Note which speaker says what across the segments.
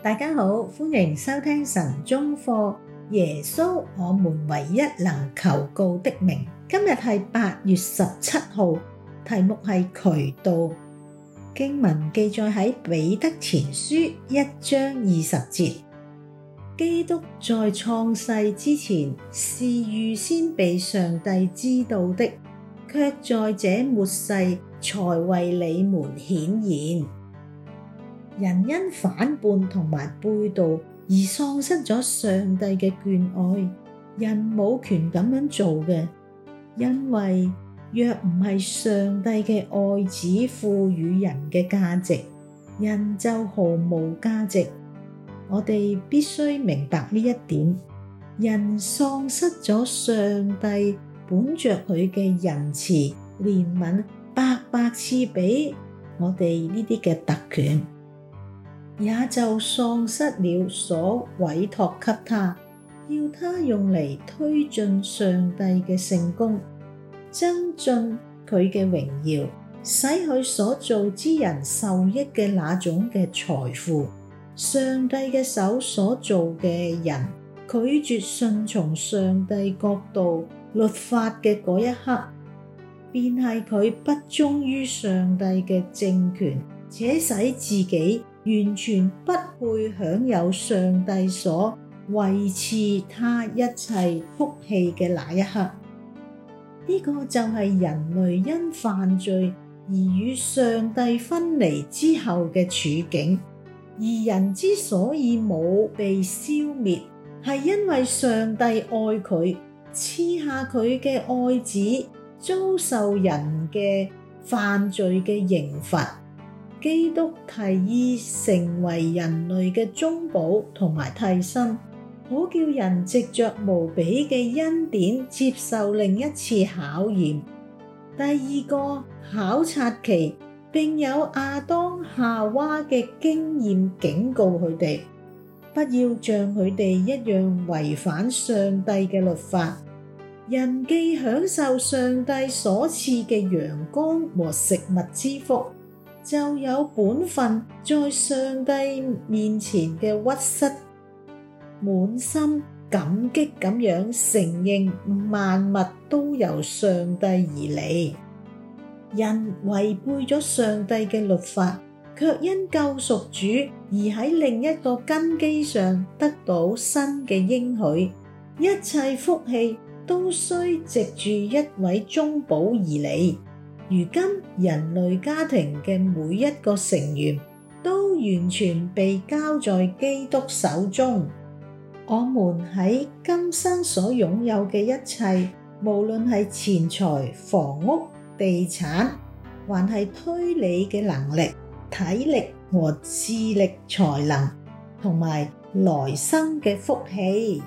Speaker 1: 大家好,歡迎收聽神中課。耶穌我們唯一能求告的名。今日係八月十七號,題目係《渠道》。經文記載在《彼得前書》一章二十節:基督在創世之前是預先被上帝知道的,卻在這末世才為你們顯現。人因反叛同埋背道而喪失咗上帝嘅眷愛，人冇權咁樣做嘅，因為若唔係上帝嘅愛子賦予人嘅價值，人就毫無價值。我哋必須明白呢一點。人喪失咗上帝本着佢嘅仁慈、憐憫、百百次俾我哋呢啲嘅特權。也就喪失了所委託給他，要他用嚟推進上帝嘅聖工，增進佢嘅榮耀，使佢所造之人受益嘅那種嘅財富。上帝嘅手所造嘅人，拒絕順從上帝國度律法嘅嗰一刻，便係佢不忠於上帝嘅政權，且使自己。完全不會享有上帝所維持他一切福氣嘅那一刻，呢、這個就係人類因犯罪而與上帝分離之後嘅處境。而人之所以冇被消滅，係因為上帝愛佢，賜下佢嘅愛子，遭受人嘅犯罪嘅刑罰。基督提議成為人類嘅中保同埋替身，可叫人藉著無比嘅恩典接受另一次考驗。第二個考察期，並有亞當夏娃嘅經驗警告佢哋，不要像佢哋一樣違反上帝嘅律法。人既享受上帝所賜嘅陽光和食物之福。就有本分在上帝面前嘅屈膝，滿心感激咁樣承認萬物都由上帝而嚟。人違背咗上帝嘅律法，卻因救贖主而喺另一個根基上得到新嘅應許。一切福氣都需藉住一位中保而嚟。如今人類家庭嘅每一個成員都完全被交在基督手中。我們喺今生所擁有嘅一切，無論係錢財、房屋、地產，還係推理嘅能力、體力和智力才能，同埋來生嘅福氣，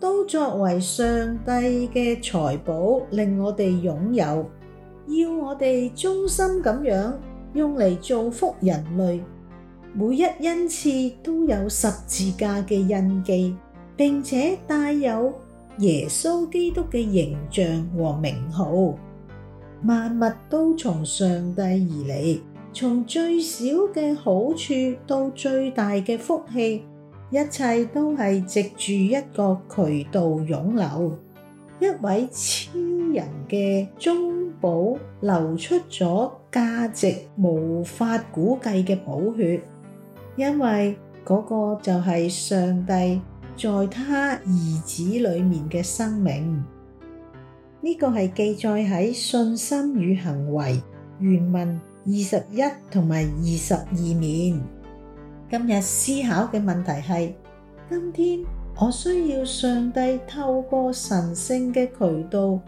Speaker 1: 都作為上帝嘅財寶，令我哋擁有。要我哋衷心咁樣用嚟造福人類，每一恩賜都有十字架嘅印記，並且帶有耶穌基督嘅形象和名號。萬物都從上帝而嚟，從最小嘅好處到最大嘅福氣，一切都係藉住一個渠道湧流。一位超人嘅中保流出咗價值無法估計嘅寶血，因為嗰個就係上帝在他兒子裏面嘅生命。呢、這個係記載喺信心與行為原文二十一同埋二十二面。今日思考嘅問題係：今天。今天我需要上帝透過神聖嘅渠道，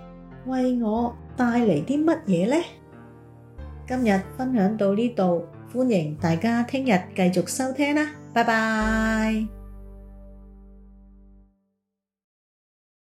Speaker 1: 為我帶嚟啲乜嘢呢？今日分享到呢度，歡迎大家聽日繼續收聽啦，拜拜。